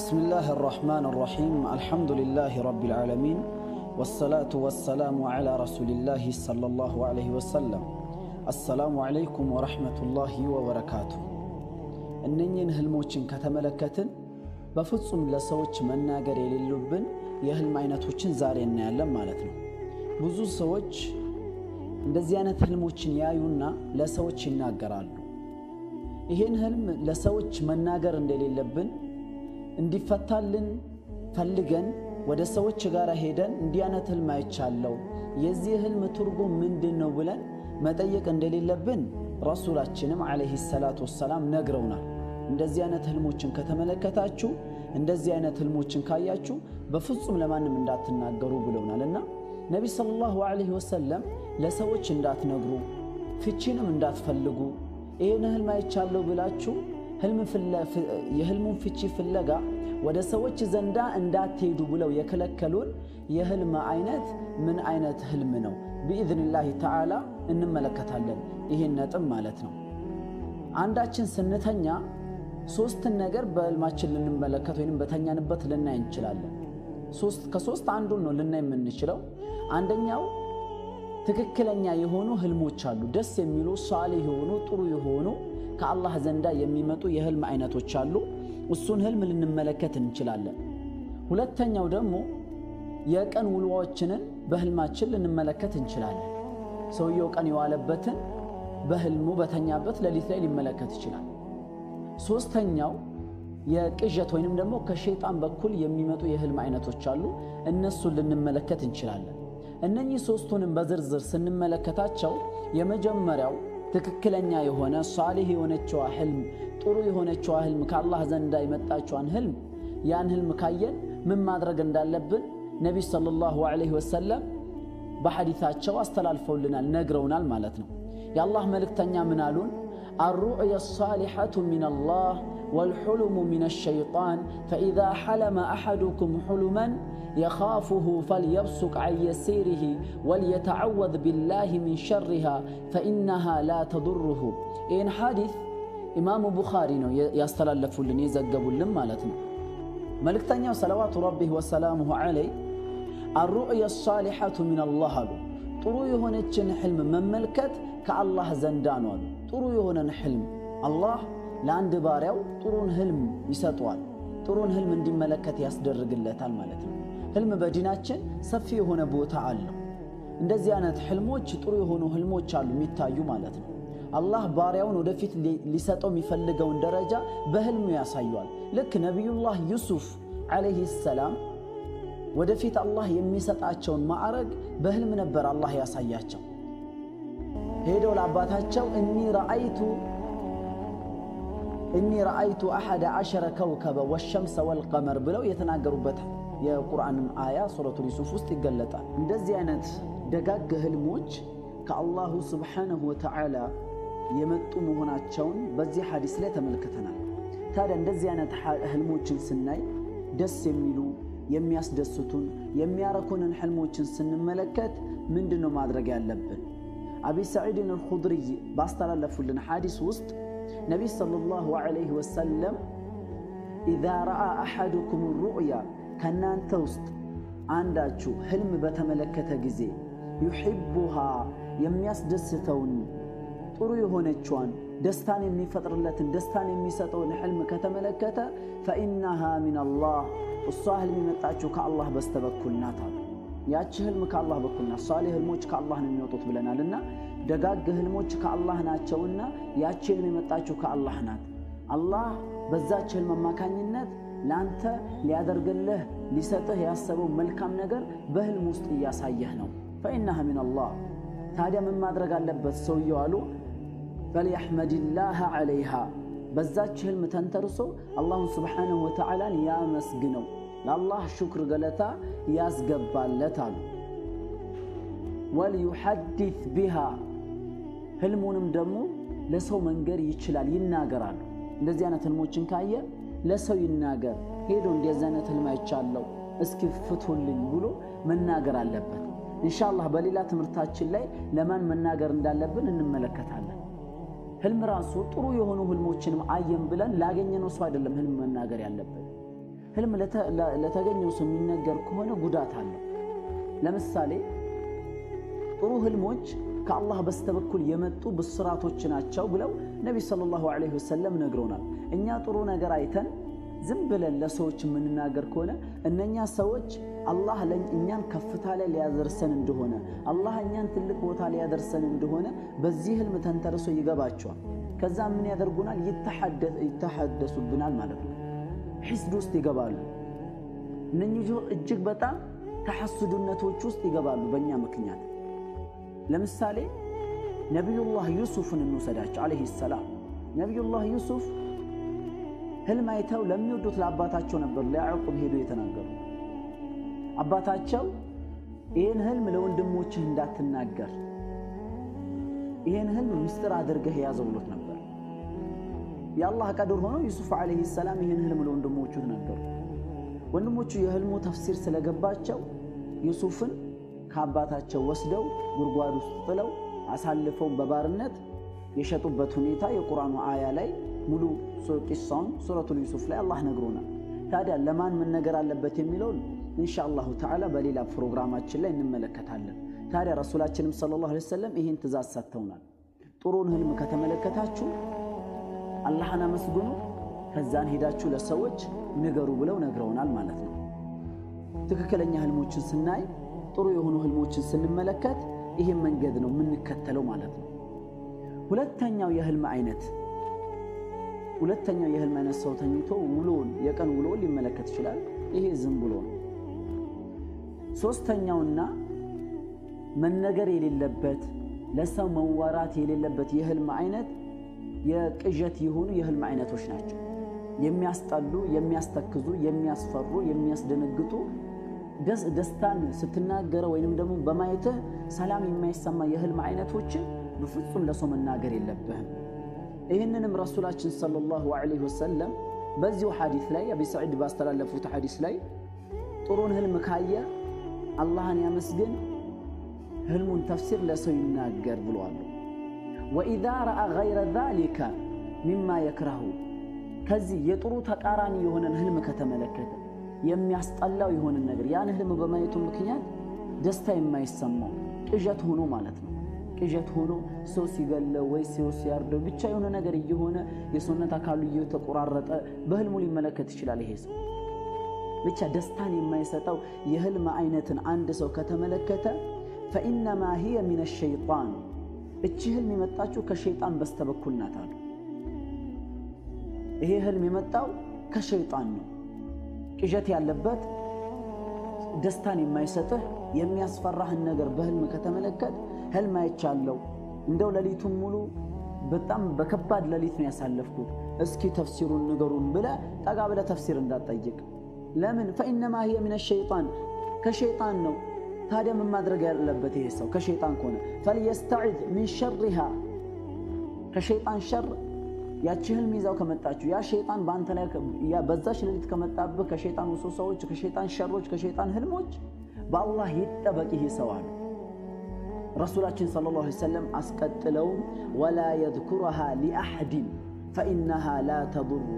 بسم الله الرحمن الرحيم الحمد لله رب العالمين والصلاة والسلام على رسول الله صلى الله عليه وسلم السلام عليكم ورحمة الله وبركاته እነኝን ህልሞችን ከተመለከትን በፍጹም ለሰዎች መናገር የሌሉብን የህልም አይነቶችን ዛሬ እናያለን ማለት ነው ብዙ ሰዎች እንደዚህ አይነት ህልሞችን ያዩና ለሰዎች ይናገራሉ ይህን ህልም ለሰዎች መናገር እንደሌለብን እንዲፈታልን ፈልገን ወደ ሰዎች ጋር ሄደን እንዲህ አይነት ህልም አይቻለው የዚህ ህልም ትርጉም ምንድን ነው ብለን መጠየቅ እንደሌለብን ረሱላችንም ዓለይሂ ሰላቱ ወሰላም ነግረውናል። እንደዚህ አይነት ህልሞችን ከተመለከታችሁ፣ እንደዚህ አይነት ህልሞችን ካያችሁ በፍጹም ለማንም እንዳትናገሩ ብለውናል እና ነቢ ሰለላሁ ዓለይሂ ወሰለም ለሰዎች እንዳትነግሩ፣ ፍቺንም እንዳትፈልጉ ይህን ህልም አይቻለሁ ብላችሁ የህልሙን ፍቺ ፍለጋ ወደ ሰዎች ዘንዳ እንዳትሄዱ ብለው የከለከሉን የህልም አይነት ምን አይነት ህልም ነው? ቢኢዝንላሂ ተዓላ እንመለከታለን። ይህን ነጥብ ማለት ነው። አንዳችን ስንተኛ ሶስትን ነገር በህልማችን ልንመለከት ወይም በተኛንበት ልናይ እንችላለን። ከሶስት አንዱን ነው ልናይ የምንችለው። አንደኛው ትክክለኛ የሆኑ ህልሞች አሉ። ደስ የሚሉ ሳሌ የሆኑ ጥሩ የሆኑ ከአላህ ዘንዳ የሚመጡ የህልም አይነቶች አሉ። እሱን ህልም ልንመለከት እንችላለን። ሁለተኛው ደግሞ የቀን ውሎዎችንን በህልማችን ልንመለከት እንችላለን። ሰውየው ቀን የዋለበትን በህልሙ በተኛበት ሌሊት ላይ ሊመለከት ይችላል። ሶስተኛው የቅዠት ወይንም ደግሞ ከሸይጣን በኩል የሚመጡ የህልም አይነቶች አሉ። እነሱን ልንመለከት እንችላለን። እነኚህ ሶስቱንም በዝርዝር ስንመለከታቸው የመጀመሪያው ትክክለኛ የሆነ ሷሊህ የሆነችዋ ህልም ጥሩ የሆነችዋ ህልም ከአላህ ዘንዳ የመጣችዋን ህልም ያን ህልም ካየን ምን ማድረግ እንዳለብን ነቢይ ሰለላሁ ዐለይሂ ወሰለም በሐዲታቸው አስተላልፈውልናል፣ ነግረውናል ማለት ነው። የአላህ መልእክተኛ ምን አሉን? አሩዕያ ሳሊሐቱ ሚነላህ ወልሑሉሙ ሚነ ሸይጣን ፈኢዛ ሐለመ አሐዱኩም ሑሉመን يخافه فليبصق عن يسيره وليتعوذ بالله من شرها فإنها لا تضره إن حادث إمام بخاري نو فلن اللف لني زقب ملك تانيا صلوات ربه وسلامه علي الرؤيا الصالحة من الله له طرو يهون اتشن حلم من ملكت كالله زندان والو طرو يهون حلم الله لان دباريو طرون حلم يسطوال طرون حلم اندي ملكت يصدر قلتان ህልም በዲናችን ሰፊ የሆነ ቦታ አለው። እንደዚህ አይነት ህልሞች ጥሩ የሆኑ ህልሞች አሉ የሚታዩ ማለት ነው። አላህ ባሪያውን ወደፊት ሊሰጠው የሚፈልገውን ደረጃ በህልሙ ያሳየዋል። ልክ ነቢዩላህ ዩሱፍ ዓለይሂ ሰላም ወደፊት አላህ የሚሰጣቸውን ማዕረግ በህልም ነበር አላህ ያሳያቸው። ሄደው ለአባታቸው እኒ ረአይቱ እኒ ረአይቱ አሐደ ዐሸረ ከውከበ ወሸምሰ ወልቀመር ብለው የተናገሩበታል። የቁርአንም አያ ሱረቱል ዩሱፍ ውስጥ ይገለጣል። እንደዚህ አይነት ደጋግ ህልሞች ከአላሁ ስብሓነሁ ወተዓላ የመጡ መሆናቸውን በዚህ ሐዲስ ላይ ተመልክተናል። ታዲያ እንደዚህ አይነት ህልሞችን ስናይ ደስ የሚሉ የሚያስደስቱን የሚያረኩንን ህልሞችን ስንመለከት ምንድን ነው ማድረግ ያለብን? አቢ ሰዒድን አልኹድሪይ ባስተላለፉልን ሐዲስ ውስጥ ነቢይ ሰለላሁ ዐለይሂ ወሰለም ኢዛ ረአ አሐዱኩም ሩዕያ ከእናንተ ውስጥ አንዳችሁ ህልም በተመለከተ ጊዜ ዩሒቡሃ የሚያስደስተውን ጥሩ የሆነችዋን ደስታን የሚፈጥርለትን ደስታን የሚሰጠውን ሕልም ከተመለከተ ፈኢናሃ አላህ እሷ ህልም የመጣችሁ ከአላህ በስተበኩል ናት አሉ። ያቺ ህልም ከአላህ በኩል ናት። ሷሌህ ህልሞች ከአላህ ነው የሚወጡት ደጋግ ህልሞች ከአላህ ናቸውና ያቺ ህልም የመጣችሁ ከአላህ ናት። አላህ በዛች ህልም አማካኝነት ለአንተ ሊያደርግልህ ሊሰጥህ ያሰበው መልካም ነገር በህልም ውስጥ እያሳየህ ነው። ፈኢናህ ሚንላህ ታዲያ ምን ማድረግ አለበት ሰውየው አሉ ፈልያሕመድላህ ዓለይሃ፣ በዛች ህልም ተንተርሶ አላሁን ስብሓንሁ ወተዓላን ያመስግነው፣ ለአላህ ሹክር ገለታ ያስገባለት አሉ። ወልዩሐዲት ቢሃ ህልሙንም ደግሞ ለሰው መንገር ይችላል፣ ይናገራሉ። እንደዚህ አይነት ህልሞችን ካየ ለሰው ይናገር። ሄዶ እንደዚህ አይነት ህልም አይቻለው እስኪ ፍቱልኝ ብሎ መናገር አለበት። ኢንሻአላህ በሌላ ትምህርታችን ላይ ለማን መናገር እንዳለብን እንመለከታለን። ህልም ራሱ ጥሩ የሆኑ ህልሞችንም አየን ብለን ላገኘነው ሰው አይደለም ህልም መናገር ያለብን። ህልም ለተገኘው ሰው የሚነገር ከሆነ ጉዳት አለው። ለምሳሌ ጥሩ ህልሞች ከአላህ በስተበኩል የመጡ ብስራቶች ናቸው ብለው ነቢይ ሰለላሁ ዐለይሂ ወሰለም ነግሮናል። እኛ ጥሩ ነገር አይተን ዝም ብለን ለሰዎች የምንናገር ከሆነ እነኛ ሰዎች አላህ እኛን ከፍታ ላይ ሊያደርሰን እንደሆነ አላህ እኛን ትልቅ ቦታ ሊያደርሰን እንደሆነ በዚህ ህልም ተንተርሶ ይገባቸዋል። ከዛ ምን ያደርጉናል? ይተሐደሱብናል ማለት ነው። ሒስድ ውስጥ ይገባሉ። እነኚህ እጅግ በጣም ተሐስዱነቶች ውስጥ ይገባሉ በእኛ ምክንያት ለምሳሌ ነቢዩላህ ዩሱፍን እንውሰዳቸው ዓለይሂ ሰላም። ነቢዩላህ ዩሱፍ ህልም አይተው ለሚወዱት ለአባታቸው ነበር ለያዕቁብ ሄዱ የተናገሩ። አባታቸው ይህን ህልም ለወንድሞችህ እንዳትናገር፣ ይህን ህልም ምስጢር አድርገህ ያዘው ብሎት ነበር። የአላህ ቀድር ሆኖ ዩሱፍ ዓለይሂ ሰላም ይህን ህልም ለወንድሞቹ ነገሩ። ወንድሞቹ የህልሙ ተፍሲር ስለገባቸው ዩሱፍን ከአባታቸው ወስደው ጉድጓድ ውስጥ ጥለው አሳልፈው በባርነት የሸጡበት ሁኔታ የቁርአኑ አያ ላይ ሙሉ ቂሳውን ሱረቱል ዩሱፍ ላይ አላህ ነግሮናል። ታዲያ ለማን መነገር አለበት የሚለውን ኢንሻአላሁ ተዓላ በሌላ ፕሮግራማችን ላይ እንመለከታለን። ታዲያ ረሱላችንም ሰለላሁ ዐለይሂ ወሰለም ይህን ትእዛዝ ሰጥተውናል። ጥሩን ህልም ከተመለከታችሁ አላህን አመስግኑ፣ ከዛን ሄዳችሁ ለሰዎች ንገሩ ብለው ነግረውናል ማለት ነው። ትክክለኛ ህልሞችን ስናይ ጥሩ የሆኑ ህልሞችን ስንመለከት ይሄ መንገድ ነው የምንከተለው ማለት ነው። ሁለተኛው የህልም አይነት ሁለተኛው የህልም አይነት ሰው ተኝቶ ውሎን የቀን ውሎ ሊመለከት ይችላል። ይሄ ዝም ብሎ ነው። ሶስተኛውና መነገር የሌለበት ለሰው መዋራት የሌለበት የህልም አይነት የቅዠት የሆኑ የህልም አይነቶች ናቸው። የሚያስጠሉ፣ የሚያስተክዙ፣ የሚያስፈሩ፣ የሚያስደነግጡ ደስታን ስትናገረ ወይንም ደግሞ በማየት ሰላም የማይሰማ የህልም አይነቶችን በፍጹም ለሰው መናገር የለብህም። ይህንንም ረሱላችን ሰለላሁ ዐለይሂ ወሰለም በዚሁ ሐዲስ ላይ አቢ ሰዒድ ባስተላለፉት ሐዲስ ላይ ጥሩን ህልም ካየ አላህን ያመስግን፣ ህልሙን ተፍሲር ለሰው ይናገር ብለዋል። ወኢዛ ረአ ገይረ ዛሊከ ሚማ የክረሁ ከዚህ የጥሩ ተቃራኒ የሆነን ህልም ከተመለከተ የሚያስጠላው የሆነ ነገር ያን ህልም በማየቱ ምክንያት ደስታ የማይሰማው ቅዠት ሆኖ ማለት ነው። ቅዠት ሆኖ ሰው ሲገለው ወይ ሰው ሲያርደው ብቻ የሆነ ነገር እየሆነ የሰውነት አካሉ እየተቆራረጠ በህልሙ ሊመለከት ይችላል። ይሄ ሰው ብቻ ደስታን የማይሰጠው የህልም አይነትን አንድ ሰው ከተመለከተ ፈኢነማ ሂየ ሚን ሸይጣን እቺ ህልም የመጣችው ከሸይጣን በስተበኩል ናት አሉ። ይሄ ህልም የመጣው ከሸይጣን ነው። ቅዠት ያለበት ደስታን የማይሰጥህ የሚያስፈራህን ነገር በህልም ከተመለከት ህልም አይቻለው። እንደው ሌሊቱን ሙሉ በጣም በከባድ ሌሊት ነው ያሳለፍኩት፣ እስኪ ተፍሲሩን ንገሩን ብለህ ጠጋ ብለህ ተፍሲር እንዳትጠይቅ። ለምን? ፈኢነማ ህየ ሚነ ሸይጣን ከሸይጣን ነው። ታዲያ ምን ማድረግ ያለበት ይሄ ሰው ከሸይጣን ከሆነ? ፈልየስተዒዝ ሚን ሸሪሃ ከሸይጣን ሸር ያቺ ህልም ይዛው ከመጣችሁ ያ ሸይጣን በአንተ ላይ በዛች ሌሊት ከመጣብህ ከሸይጣን ውስውሳዎች፣ ከሸይጣን ሸሮች፣ ከሸይጣን ህልሞች በአላህ ይጠበቅ ይህ ሰው አሉ ረሱላችን ሰለላሁ ዐለይሂ ወሰለም። አስቀጥለውም ወላ የዝኩረሃ ሊአሐድን ፈኢነሃ ላ ተዱሩ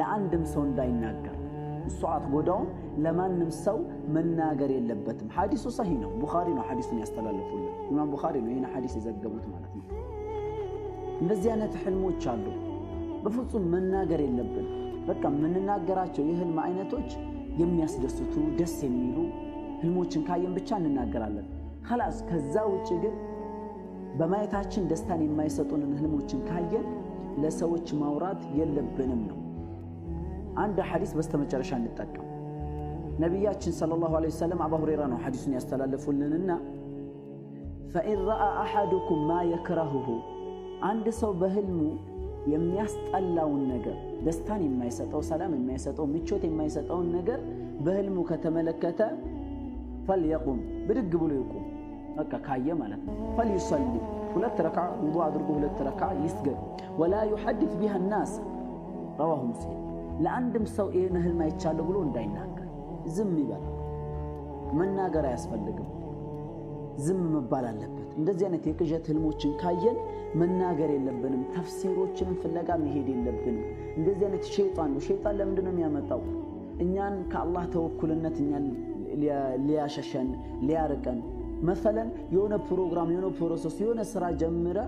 ለአንድም ሰው እንዳይናገር እሷ አትጎዳውም፣ ለማንም ሰው መናገር የለበትም። ሐዲሱ ሰሂ ነው። ቡኻሪ ነው ሐዲሱን ያስተላለፉልን። ኢማም ቡኻሪ ነው ይህን ሐዲስ የዘገቡት ማለት ነው። እንደዚህ አይነት ህልሞች አሉ። በፍጹም መናገር የለብን። በቃ የምንናገራቸው የህልም አይነቶች የሚያስደስቱ ደስ የሚሉ ህልሞችን ካየን ብቻ እንናገራለን። ከላስ ከዛ ውጭ ግን በማየታችን ደስታን የማይሰጡንን ህልሞችን ካየን ለሰዎች ማውራት የለብንም ነው። አንድ ሐዲስ በስተመጨረሻ እንጠቀም። ነቢያችን ሰለላሁ ዐለይሂ ወሰለም አባ ሁሬራ ነው ሐዲሱን ያስተላለፉልንና ፈኢን ረአ አሐዱኩም ማ የክረሁሁ አንድ ሰው በህልሙ የሚያስጠላውን ነገር ደስታን የማይሰጠው ሰላም የማይሰጠው ምቾት የማይሰጠውን ነገር በህልሙ ከተመለከተ ፈልየቁም ብድግ ብሎ ይቁም። በቃ ካየ ማለት ነው። ፈልዩሰሊ ሁለት ረካ ውዱ አድርጎ ሁለት ረካ ይስገድ። ወላ ዩሐድት ቢሃ ናስ ረዋሁ ሙስሊም። ለአንድም ሰው ይህን ህልም አይቻለሁ ብሎ እንዳይናገር ዝም ይበል። መናገር አያስፈልግም። ዝም መባል አለበት። እንደዚህ አይነት የቅዠት ህልሞችን ካየን መናገር የለብንም። ተፍሲሮችንም ፍለጋ መሄድ የለብንም። እንደዚህ አይነት ሸይጣን ነው። ሸይጣን ለምንድን ነው የሚያመጣው? እኛን ከአላህ ተወኩልነት እኛን ሊያሸሸን ሊያርቀን። መሰለን የሆነ ፕሮግራም የሆነ ፕሮሰስ የሆነ ስራ ጀምረ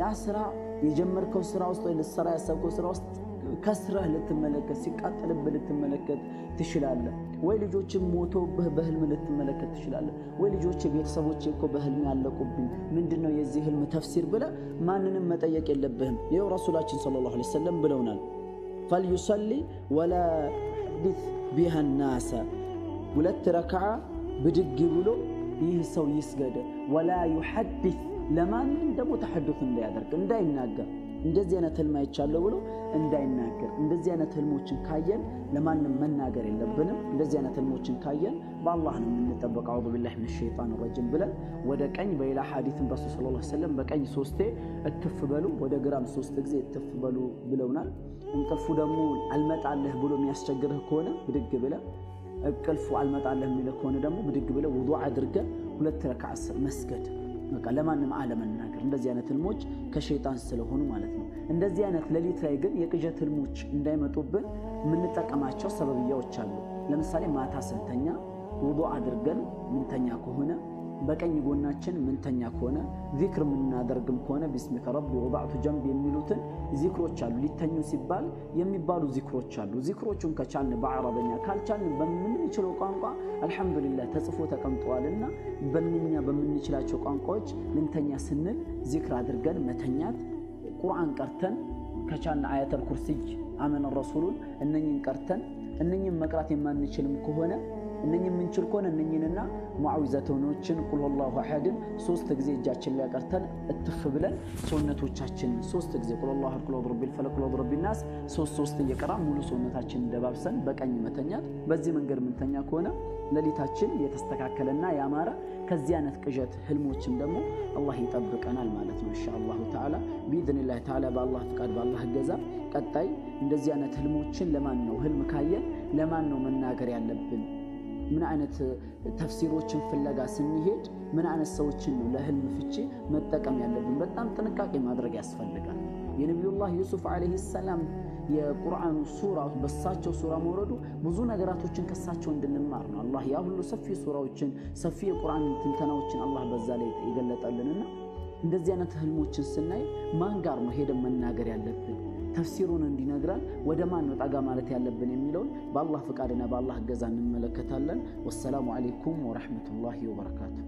ያ ስራ የጀመርከው ስራ ውስጥ ወይ ልትሰራ ያሰብከው ስራ ውስጥ ከስረህ ልትመለከት ሲቃጠልብህ ልትመለከት ትችላለህ። ወይ ልጆችም ሞቶ በህልም ልትመለከት ትችላለህ። ወይ ልጆች ቤተሰቦች እኮ በህልም ያለቁብኝ ምንድን ነው የዚህ ህልም ተፍሲር ብለህ ማንንም መጠየቅ የለብህም። ይኸው ረሱላችን ሰለላሁ ዐለይሂ ወሰለም ብለውናል፣ ፈልዩሰሊ ወላ ዩሕዲት ቢሃ ሁለት ረክዓ ብድግ ብሎ ይህ ሰው ይስገደ። ወላ ዩሐዲት ለማንም ደግሞ ተሐዱት እንዳያደርግ እንዳይናገር እንደዚህ አይነት ህልም አይቻለሁ ብሎ እንዳይናገር። እንደዚህ አይነት ህልሞችን ካየን ለማንም መናገር የለብንም። እንደዚህ አይነት ህልሞችን ካየን በአላህ ነው የምንጠበቀው፣ አዑዙ ቢላሂ ሚነ ሸይጣን ረጂም ብለን ወደ ቀኝ፣ በሌላ ሐዲትም ረሱል ሰለላሁ ዐለይሂ ወሰለም በቀኝ ሶስቴ እትፍ በሉ፣ ወደ ግራም ሶስት ጊዜ እትፍ በሉ ብለውናል። እንቅልፉ ደግሞ አልመጣለህ ብሎ የሚያስቸግርህ ከሆነ ብድግ ብለ እቅልፉ አልመጣለህ የሚልህ ከሆነ ደግሞ ብድግ ብለ ውዱ አድርገ ሁለት ረክዓ መስገድ በቃ ለማንም አለመና እንደዚህ አይነት ህልሞች ከሸይጣን ስለሆኑ ማለት ነው። እንደዚህ አይነት ሌሊት ላይ ግን የቅዠት ህልሞች እንዳይመጡብን የምንጠቀማቸው ሰበብያዎች አሉ። ለምሳሌ ማታ ስንተኛ ውዱእ አድርገን ምንተኛ ከሆነ በቀኝ ጎናችን ምንተኛ ከሆነ ዚክር የምናደርግም ከሆነ ቢስሚከ ረቢ ወባዕቱ ጀንብ የሚሉትን ዚክሮች አሉ። ሊተኙ ሲባል የሚባሉ ዚክሮች አሉ። ዚክሮቹን ከቻልን በአረበኛ ካልቻልን በምንችለው ቋንቋ አልሐምዱሊላህ ተጽፎ ተቀምጠዋልና በእኛ በምንችላቸው ቋንቋዎች ምንተኛ ስንል ዚክር አድርገን መተኛት፣ ቁርአን ቀርተን ከቻልን አያተል ኩርሲይ አመነ ረሱሉን እነኝን ቀርተን እነኝን መቅራት የማንችልም ከሆነ እነኝ የምንችል ከሆነ እነኝንና ሙዓዊዘተኖችን ቁል ላሁ አሐድን ሶስት ጊዜ እጃችን ላይ ቀርተን እትፍ ብለን ሰውነቶቻችን ሶስት ጊዜ ቁል ላሁ አሐድ ቁል ዐውዙ ቢረቢል ፈለቅ ቁል ዐውዙ ናስ ሶስት ሶስት እየቀራ ሙሉ ሰውነታችን ደባብሰን በቀኝ መተኛት። በዚህ መንገድ ምንተኛ ከሆነ ሌሊታችን የተስተካከለና ያማረ ከዚህ አይነት ቅዠት ህልሞችም ደግሞ አላህ ይጠብቀናል ማለት ነው። ኢንሻአላሁ ተዓላ ቢኢዝኒላህ ተዓላ በአላህ ፍቃድ በአላህ እገዛ ቀጣይ እንደዚህ አይነት ህልሞችን ለማን ነው ህልም ካየን ለማን ነው መናገር ያለብን? ምን አይነት ተፍሲሮችን ፍለጋ ስንሄድ ምን አይነት ሰዎችን ነው ለህልም ፍቺ መጠቀም ያለብን? በጣም ጥንቃቄ ማድረግ ያስፈልጋል። የነቢዩላህ ዩሱፍ ዓለይሂ ሰላም የቁርአኑ ሱራ በሳቸው ሱራ መውረዱ ብዙ ነገራቶችን ከሳቸው እንድንማር ነው። አላህ ያ ሁሉ ሰፊ ሱራዎችን ሰፊ የቁርአን ትንተናዎችን አላህ በዛ ላይ የገለጠልንና እንደዚህ አይነት ህልሞችን ስናይ ማን ጋር ነው ሄደን መናገር ያለብን? ተፍሲሩን እንዲነግረን ወደ ማን ነው ማለት ያለብን የሚለውን በአላህ ፍቃድና በአላህ እገዛ እንመለከታለን። ወሰላሙ አሌይኩም ወረሕመቱላሂ ወበረካቱ።